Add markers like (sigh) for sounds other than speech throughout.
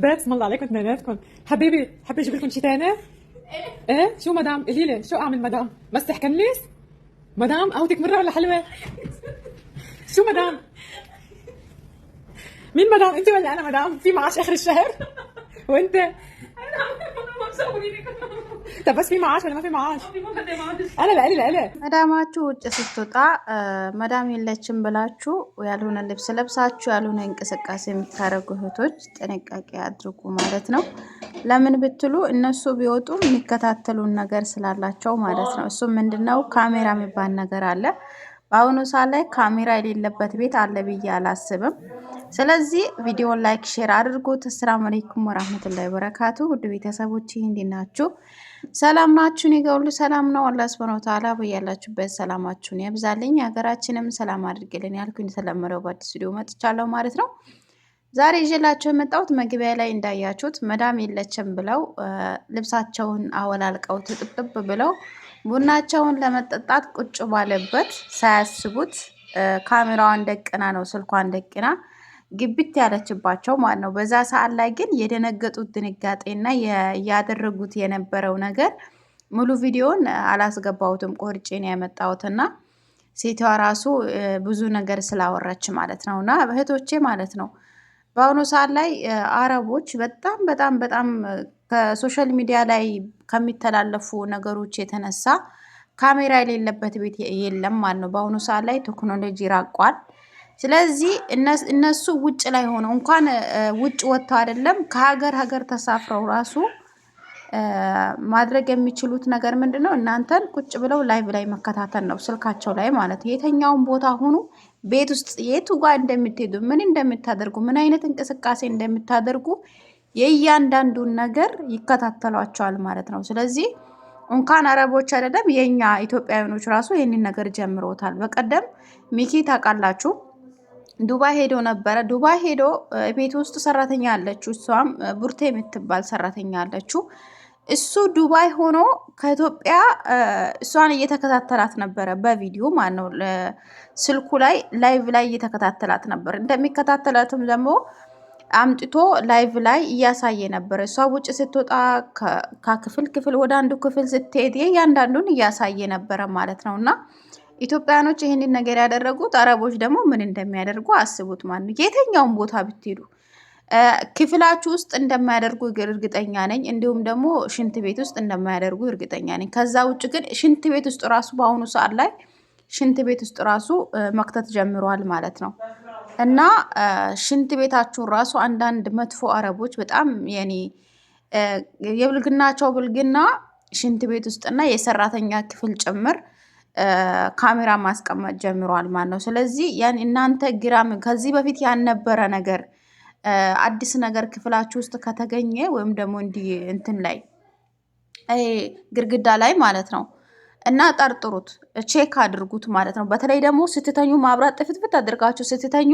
اسم الله عليكم اثنيناتكم حبيبي حبيبي اجيب لكم شيء ثاني؟ ايه ايه شو مدام قولي لي شو اعمل مدام؟ مسح كنليس؟ مدام قهوتك مره ولا حلوه؟ شو مدام؟ مين مدام؟ انت ولا انا مدام؟ في معاش اخر الشهر؟ وانت؟ بس في معاش ولا ما في معاش? انا لا لا لا መዳማችሁ ውጭ ስትወጣ መዳም የለችም ብላችሁ ያልሆነ ልብስ ለብሳችሁ ያልሆነ እንቅስቃሴ የምታደርጉ እህቶች ጥንቃቄ አድርጉ ማለት ነው። ለምን ብትሉ እነሱ ቢወጡ የሚከታተሉን ነገር ስላላቸው ማለት ነው። እሱም ምንድነው ካሜራ የሚባል ነገር አለ። በአሁኑ ሰዓት ላይ ካሜራ የሌለበት ቤት አለ ብዬ አላስብም። ስለዚህ ቪዲዮ ላይክ ሼር አድርጉት። አሰላሙ አለይኩም ወራህመቱላሂ ወበረካቱ ውድ ቤተሰቦች እንዴት ናችሁ? ሰላም ናችሁ? እኔ ጋር ሁሉ ሰላም ነው። አላህ ሱብሐነሁ ወተዓላ በያላችሁበት ሰላማችሁን ያብዛልኝ፣ ሀገራችንም ሰላም አድርግልን ያልኩኝ የተለመደው በአዲስ ቪዲዮ መጥቻለሁ ማለት ነው። ዛሬ ይዤላችሁ የመጣሁት መግቢያ ላይ እንዳያችሁት መዳም የለችም ብለው ልብሳቸውን አወላልቀው ትጥብጥብ ብለው ቡናቸውን ለመጠጣት ቁጭ ባለበት ሳያስቡት ካሜራዋን ደቅና ነው ስልኳን ደቅና ግብት ያለችባቸው ማለት ነው። በዛ ሰዓት ላይ ግን የደነገጡት ድንጋጤና ያደረጉት የነበረው ነገር ሙሉ ቪዲዮን አላስገባሁትም፣ ቆርጬ ነው ያመጣሁትና ሴቷ ራሱ ብዙ ነገር ስላወራች ማለት ነው። እና እህቶቼ ማለት ነው በአሁኑ ሰዓት ላይ አረቦች በጣም በጣም በጣም ከሶሻል ሚዲያ ላይ ከሚተላለፉ ነገሮች የተነሳ ካሜራ የሌለበት ቤት የለም ማለት ነው። በአሁኑ ሰዓት ላይ ቴክኖሎጂ ራቋል። ስለዚህ እነሱ ውጭ ላይ ሆነው እንኳን ውጭ ወጥተው አይደለም ከሀገር ሀገር ተሳፍረው ራሱ ማድረግ የሚችሉት ነገር ምንድን ነው? እናንተን ቁጭ ብለው ላይቭ ላይ መከታተል ነው፣ ስልካቸው ላይ ማለት ነው። የተኛውን ቦታ ሆኑ፣ ቤት ውስጥ የቱ ጋር እንደምትሄዱ፣ ምን እንደምታደርጉ፣ ምን አይነት እንቅስቃሴ እንደምታደርጉ የእያንዳንዱን ነገር ይከታተሏቸዋል ማለት ነው። ስለዚህ እንኳን አረቦች አይደለም የእኛ ኢትዮጵያውያኖች ራሱ ይህንን ነገር ጀምሮታል። በቀደም ሚኪ ታውቃላችሁ ዱባይ ሄዶ ነበረ። ዱባይ ሄዶ ቤት ውስጥ ሰራተኛ አለችው፣ እሷም ቡርቴ የምትባል ሰራተኛ አለችው። እሱ ዱባይ ሆኖ ከኢትዮጵያ እሷን እየተከታተላት ነበረ፣ በቪዲዮ ማለት ነው። ስልኩ ላይ ላይቭ ላይ እየተከታተላት ነበር። እንደሚከታተላትም ደግሞ አምጥቶ ላይቭ ላይ እያሳየ ነበረ። እሷ ውጭ ስትወጣ ከክፍል ክፍል ወደ አንዱ ክፍል ስትሄድ እያንዳንዱን እያሳየ ነበረ ማለት ነው እና ኢትዮጵያኖች ይህንን ነገር ያደረጉት አረቦች ደግሞ ምን እንደሚያደርጉ አስቡት። ማን የትኛውን ቦታ ብትሄዱ ክፍላችሁ ውስጥ እንደማያደርጉ እርግጠኛ ነኝ። እንዲሁም ደግሞ ሽንት ቤት ውስጥ እንደማያደርጉ እርግጠኛ ነኝ። ከዛ ውጭ ግን ሽንት ቤት ውስጥ ራሱ በአሁኑ ሰዓት ላይ ሽንት ቤት ውስጥ ራሱ መክተት ጀምረዋል ማለት ነው። እና ሽንት ቤታችሁን ራሱ አንዳንድ መጥፎ አረቦች በጣም የኔ የብልግናቸው ብልግና ሽንት ቤት ውስጥና የሰራተኛ ክፍል ጭምር ካሜራ ማስቀመጥ ጀምሯል ማለት ነው። ስለዚህ ያን እናንተ ግራም ከዚህ በፊት ያልነበረ ነገር አዲስ ነገር ክፍላችሁ ውስጥ ከተገኘ ወይም ደግሞ እንዲህ እንትን ላይ ግድግዳ ላይ ማለት ነው እና ጠርጥሩት፣ ቼክ አድርጉት ማለት ነው። በተለይ ደግሞ ስትተኙ ማብራት ጥፍትፍት አድርጋችሁ ስትተኙ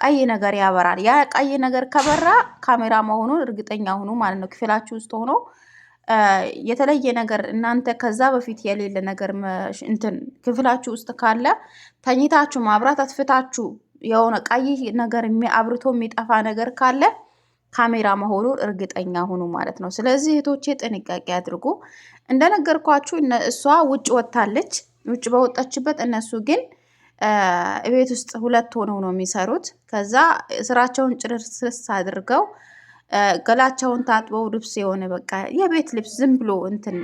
ቀይ ነገር ያበራል። ያ ቀይ ነገር ከበራ ካሜራ መሆኑን እርግጠኛ ሁኑ ማለት ነው። ክፍላችሁ ውስጥ ሆኖ የተለየ ነገር እናንተ ከዛ በፊት የሌለ ነገር እንትን ክፍላችሁ ውስጥ ካለ ተኝታችሁ ማብራት አትፍታችሁ የሆነ ቀይ ነገር አብርቶ የሚጠፋ ነገር ካለ ካሜራ መሆኑ እርግጠኛ ሁኑ ማለት ነው። ስለዚህ እህቶቼ ጥንቃቄ አድርጉ። እንደነገርኳችሁ እሷ ውጭ ወጥታለች። ውጭ በወጣችበት እነሱ ግን ቤት ውስጥ ሁለት ሆነው ነው የሚሰሩት። ከዛ ስራቸውን ጭርስርስ አድርገው ገላቸውን ታጥበው ልብስ የሆነ በቃ የቤት ልብስ ዝም ብሎ እንትን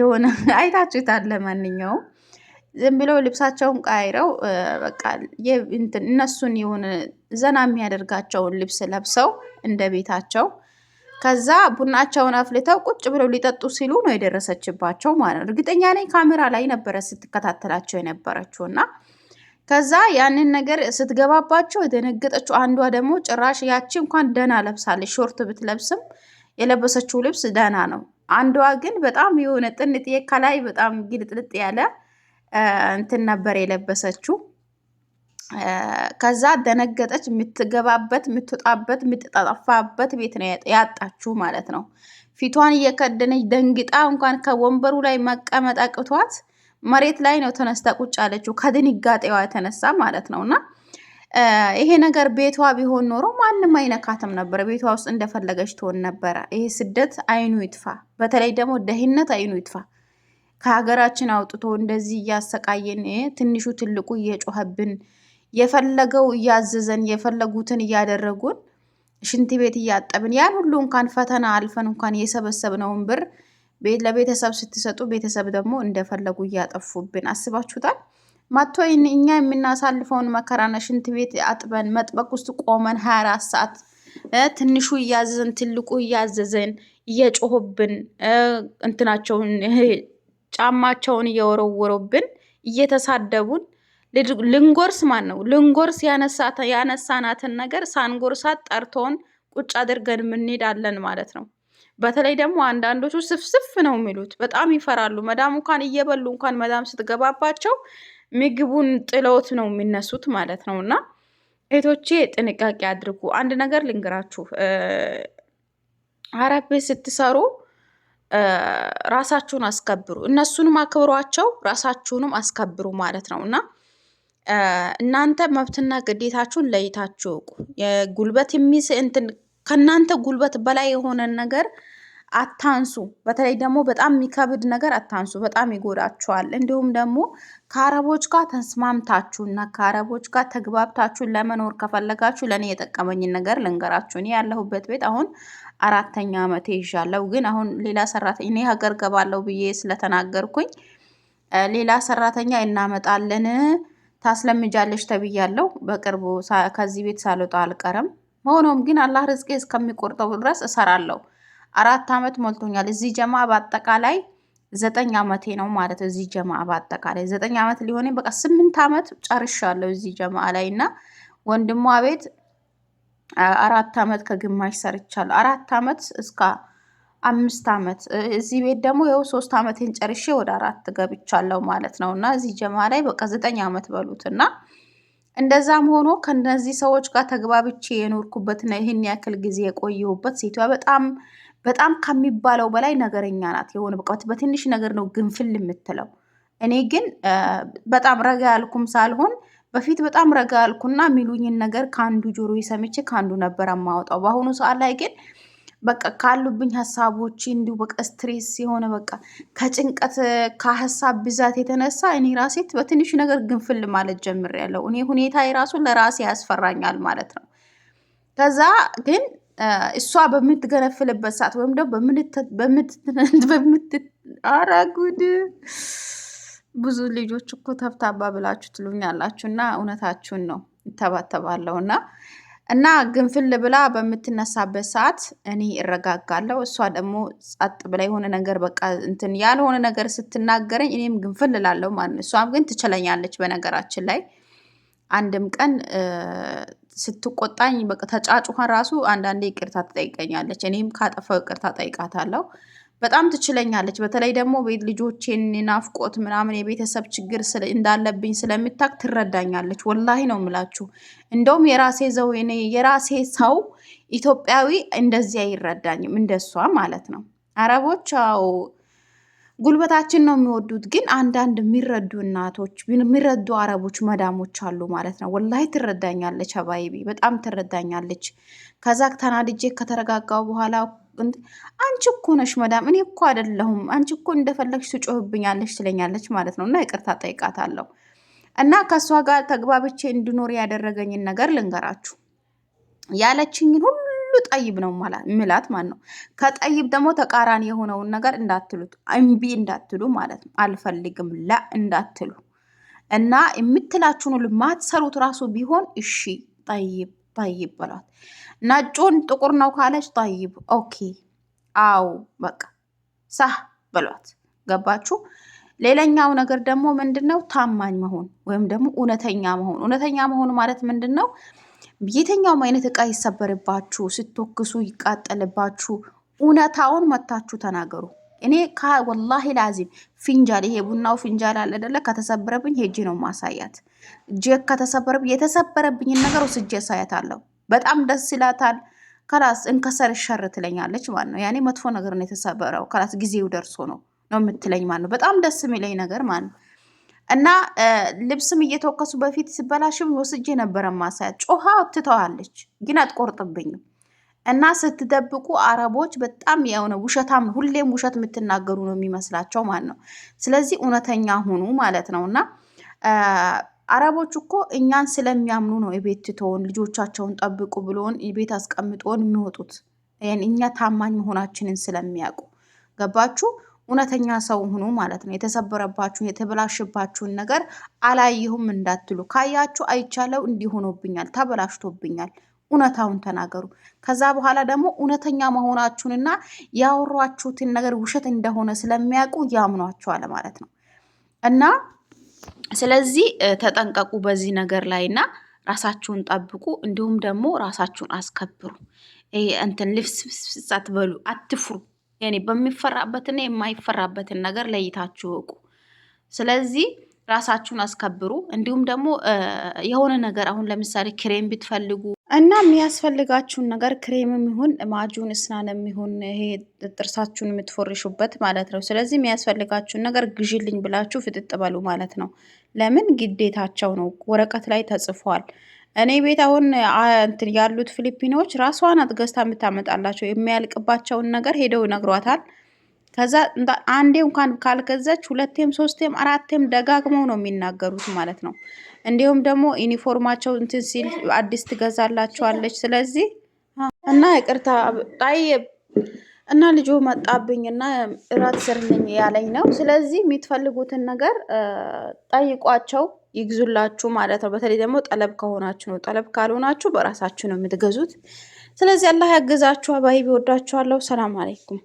የሆነ (laughs) አይታችሁታል። ለማንኛውም ዝም ብለው ልብሳቸውን ቀይረው በቃ እንትን እነሱን የሆነ ዘና የሚያደርጋቸውን ልብስ ለብሰው እንደ ቤታቸው ከዛ ቡናቸውን አፍልተው ቁጭ ብለው ሊጠጡ ሲሉ ነው የደረሰችባቸው ማለት ነው። እርግጠኛ ነኝ ካሜራ ላይ ነበረ ስትከታተላቸው የነበረችው እና ከዛ ያንን ነገር ስትገባባቸው የደነገጠችው አንዷ ደግሞ ጭራሽ ያቺ እንኳን ደህና ለብሳለች፣ ሾርት ብትለብስም የለበሰችው ልብስ ደህና ነው። አንዷ ግን በጣም የሆነ ጥንጥ ከላይ በጣም ግልጥልጥ ያለ እንትን ነበር የለበሰችው። ከዛ ደነገጠች። የምትገባበት የምትወጣበት የምትጣጣፋበት ቤት ነው ያጣችው ማለት ነው። ፊቷን እየከደነች ደንግጣ እንኳን ከወንበሩ ላይ መቀመጥ አቅቷት መሬት ላይ ነው ተነስታ ቁጭ ያለችው ከድንጋጤዋ የተነሳ ማለት ነው። እና ይሄ ነገር ቤቷ ቢሆን ኖሮ ማንም አይነካትም ነበረ። ቤቷ ውስጥ እንደፈለገች ትሆን ነበረ። ይሄ ስደት አይኑ ይጥፋ፣ በተለይ ደግሞ ደህንነት አይኑ ይጥፋ። ከሀገራችን አውጥቶ እንደዚህ እያሰቃየን ትንሹ ትልቁ እየጮኸብን የፈለገው እያዘዘን የፈለጉትን እያደረጉን ሽንት ቤት እያጠብን ያን ሁሉ እንኳን ፈተና አልፈን እንኳን የሰበሰብነውን ብር ለቤተሰብ ስትሰጡ ቤተሰብ ደግሞ እንደፈለጉ እያጠፉብን አስባችሁታል። ማቶ እኛ የምናሳልፈውን መከራና ሽንት ቤት አጥበን መጥበቅ ውስጥ ቆመን ሀያ አራት ሰዓት ትንሹ እያዘዘን ትልቁ እያዘዘን እየጮሆብን እንትናቸውን ጫማቸውን እየወረወሩብን እየተሳደቡን ልንጎርስ ማን ነው ልንጎርስ ያነሳናትን ነገር ሳንጎርሳት ጠርቶን ቁጭ አድርገን የምንሄዳለን ማለት ነው። በተለይ ደግሞ አንዳንዶቹ ስፍስፍ ነው የሚሉት፣ በጣም ይፈራሉ። መዳም እንኳን እየበሉ እንኳን መዳም ስትገባባቸው ምግቡን ጥለውት ነው የሚነሱት ማለት ነው። እና እህቶቼ ጥንቃቄ አድርጉ። አንድ ነገር ልንግራችሁ፣ አረብ ስትሰሩ ራሳችሁን አስከብሩ። እነሱንም አክብሯቸው፣ ራሳችሁንም አስከብሩ ማለት ነው እና እናንተ መብትና ግዴታችሁን ለይታችሁ እውቁ። የጉልበት የሚስ እንትን ከእናንተ ጉልበት በላይ የሆነን ነገር አታንሱ። በተለይ ደግሞ በጣም የሚከብድ ነገር አታንሱ፣ በጣም ይጎዳችኋል። እንዲሁም ደግሞ ከአረቦች ጋር ተስማምታችሁ እና ከአረቦች ጋር ተግባብታችሁ ለመኖር ከፈለጋችሁ ለእኔ የጠቀመኝን ነገር ልንገራችሁ። እኔ ያለሁበት ቤት አሁን አራተኛ ዓመቴ ይዣለሁ። ግን አሁን ሌላ ሰራተኛ እኔ ሀገር ገባለሁ ብዬ ስለተናገርኩኝ ሌላ ሰራተኛ እናመጣለን ታስለምጃለች ተብያለሁ። በቅርቡ ከዚህ ቤት ሳልወጣ አልቀርም። ሆኖም ግን አላህ ርዝቄ እስከሚቆርጠው ድረስ እሰራለሁ። አራት ዓመት ሞልቶኛል። እዚህ ጀማ በአጠቃላይ ዘጠኝ ዓመቴ ነው ማለት እዚህ ጀማ በአጠቃላይ ዘጠኝ ዓመት ሊሆነ በቃ ስምንት ዓመት ጨርሻለሁ እዚህ ጀማ ላይ እና ወንድሟ ቤት አራት ዓመት ከግማሽ ሰርቻለሁ። አራት ዓመት እስከ አምስት ዓመት እዚህ ቤት ደግሞ ይኸው ሶስት ዓመቴን ጨርሼ ወደ አራት ገብቻለሁ ማለት ነው እና እዚህ ጀማ ላይ በቃ ዘጠኝ ዓመት በሉት እና እንደዛም ሆኖ ከነዚህ ሰዎች ጋር ተግባብቼ የኖርኩበትና ይህን ያክል ጊዜ የቆየሁበት ሴቷ በጣም በጣም ከሚባለው በላይ ነገረኛ ናት። የሆነ በቃ በትንሽ ነገር ነው ግንፍል የምትለው። እኔ ግን በጣም ረጋ ያልኩም ሳልሆን በፊት በጣም ረጋ ያልኩና የሚሉኝን ነገር ከአንዱ ጆሮ ሰምቼ ከአንዱ ነበር የማወጣው። በአሁኑ ሰዓት ላይ ግን በቃ ካሉብኝ ሀሳቦች እንዲሁ በቃ ስትሬስ የሆነ በቃ ከጭንቀት ከሀሳብ ብዛት የተነሳ እኔ ራሴ በትንሽ ነገር ግንፍል ማለት ጀምሬያለሁ። እኔ ሁኔታ የራሱ ለራሴ ያስፈራኛል ማለት ነው። ከዛ ግን እሷ በምትገነፍልበት ሰዓት ወይም ደግሞ በምትበምት ኧረ (laughs) ጉድ ብዙ ልጆች እኮ ተብታባ ብላችሁ ትሉኛላችሁ እና እውነታችሁን ነው እተባተባለሁ እና እና ግንፍል ብላ በምትነሳበት ሰዓት እኔ እረጋጋለሁ። እሷ ደግሞ ጸጥ ብላ የሆነ ነገር በቃ እንትን ያልሆነ ነገር ስትናገረኝ እኔም ግንፍል እላለሁ ማለት ነው። እሷም ግን ትችለኛለች። በነገራችን ላይ አንድም ቀን ስትቆጣኝ በቃ ተጫጭኋን ራሱ አንዳንዴ ይቅርታ ትጠይቀኛለች። እኔም ካጠፋው ይቅርታ ጠይቃታለሁ። በጣም ትችለኛለች። በተለይ ደግሞ ልጆቼን ናፍቆት ምናምን የቤተሰብ ችግር እንዳለብኝ ስለምታውቅ ትረዳኛለች። ወላሂ ነው የምላችሁ። እንደውም የራሴ ዘው የራሴ ሰው ኢትዮጵያዊ እንደዚህ አይረዳኝም፣ እንደሷ ማለት ነው። አረቦች አዎ ጉልበታችን ነው የሚወዱት፣ ግን አንዳንድ የሚረዱ እናቶች የሚረዱ አረቦች መዳሞች አሉ ማለት ነው። ወላሂ ትረዳኛለች፣ አባይቢ በጣም ትረዳኛለች። ከዛ ተናድጄ ከተረጋጋው በኋላ አንቺ እኮ ነሽ መዳም፣ እኔ እኮ አይደለሁም፣ አንቺ እኮ እንደፈለግሽ ትጮህብኛለሽ ትለኛለች ማለት ነው። እና ይቅርታ ጠይቃታለሁ። እና ከእሷ ጋር ተግባብቼ እንድኖር ያደረገኝን ነገር ልንገራችሁ። ያለችኝን ሁሉ ጠይብ ነው ምላት ማለት ነው። ከጠይብ ደግሞ ተቃራኒ የሆነውን ነገር እንዳትሉት፣ እምቢ እንዳትሉ ማለት ነው። አልፈልግም ላ እንዳትሉ እና የምትላችሁን ልማትሰሩት ራሱ ቢሆን እሺ ጠይብ ጠይብ ብሏት ነጩን ጥቁር ነው ካለች ጠይብ ኦኬ፣ አው በቃ ሳህ ብሏት ገባችሁ? ሌላኛው ነገር ደግሞ ምንድን ነው ታማኝ መሆን ወይም ደግሞ እውነተኛ መሆን። እውነተኛ መሆን ማለት ምንድን ነው? የትኛውም አይነት እቃ ይሰበርባችሁ፣ ስትወክሱ፣ ይቃጠልባችሁ፣ እውነታውን መታችሁ ተናገሩ። እኔ ወላሂ ላዚም ፊንጃል ይሄ ቡናው ፊንጃል አለ አይደለ? ከተሰበረብኝ ሄጄ ነው ማሳያት። እጄ ከተሰበረብኝ የተሰበረብኝን ነገር ወስጄ አሳያታለሁ። በጣም ደስ ይላታል። ከላስ እንከሰር ሸር ትለኛለች ማለት ነው። ያኔ መጥፎ ነገር ነው የተሰበረው፣ ከላስ ጊዜው ደርሶ ነው ነው የምትለኝ ማለት ነው። በጣም ደስ የሚለኝ ነገር ማለት ነው። እና ልብስም እየተወከሱ በፊት ሲበላሽም ወስጄ ነበረ ማሳያት። ጮሃ ትተዋለች፣ ግን አትቆርጥብኝም እና ስትደብቁ አረቦች በጣም የሆነ ውሸታም ሁሌም ውሸት የምትናገሩ ነው የሚመስላቸው ማለት ነው። ስለዚህ እውነተኛ ሁኑ ማለት ነው እና አረቦች እኮ እኛን ስለሚያምኑ ነው የቤት ትተውን ልጆቻቸውን ጠብቁ ብሎን የቤት አስቀምጦን የሚወጡት እኛ ታማኝ መሆናችንን ስለሚያውቁ። ገባችሁ? እውነተኛ ሰው ሁኑ ማለት ነው። የተሰበረባችሁን የተበላሽባችሁን ነገር አላየሁም እንዳትሉ። ካያችሁ አይቻለው እንዲሆኖብኛል፣ ተበላሽቶብኛል እውነታውን ተናገሩ። ከዛ በኋላ ደግሞ እውነተኛ መሆናችሁንና ያወሯችሁትን ነገር ውሸት እንደሆነ ስለሚያውቁ ያምኗችኋል ማለት ነው እና ስለዚህ ተጠንቀቁ በዚህ ነገር ላይ እና ራሳችሁን ጠብቁ። እንዲሁም ደግሞ ራሳችሁን አስከብሩ። እንትን ልፍስፍስ አትበሉ፣ አትፍሩ። ኔ በሚፈራበትና የማይፈራበትን ነገር ለይታችሁ እወቁ። ስለዚህ ራሳችሁን አስከብሩ። እንዲሁም ደግሞ የሆነ ነገር አሁን ለምሳሌ ክሬም ብትፈልጉ እና የሚያስፈልጋችሁን ነገር ክሬምም ይሁን ማጁን እስናንም ይሁን ይሄ ጥርሳችሁን የምትፎርሹበት ማለት ነው። ስለዚህ የሚያስፈልጋችሁን ነገር ግዢልኝ ብላችሁ ፍጥጥ በሉ ማለት ነው። ለምን ግዴታቸው ነው፣ ወረቀት ላይ ተጽፏል። እኔ ቤት አሁን እንትን ያሉት ፊሊፒኖች ራሷን አትገዝታ የምታመጣላቸው የሚያልቅባቸውን ነገር ሄደው ይነግሯታል። ከዛ አንዴ እንኳን ካልገዛች ሁለቴም ሶስቴም አራቴም ደጋግመው ነው የሚናገሩት ማለት ነው። እንዲሁም ደግሞ ዩኒፎርማቸው እንትን ሲል አዲስ ትገዛላችኋለች። ስለዚህ እና ይቅርታ ጣይ እና ልጁ መጣብኝ እና እራት ስርልኝ ያለኝ ነው። ስለዚህ የምትፈልጉትን ነገር ጠይቋቸው ይግዙላችሁ ማለት ነው። በተለይ ደግሞ ጠለብ ከሆናችሁ ነው። ጠለብ ካልሆናችሁ በራሳችሁ ነው የምትገዙት። ስለዚህ አላህ ያግዛችሁ። አባይ ቢወዳችኋለሁ። ሰላም አለይኩም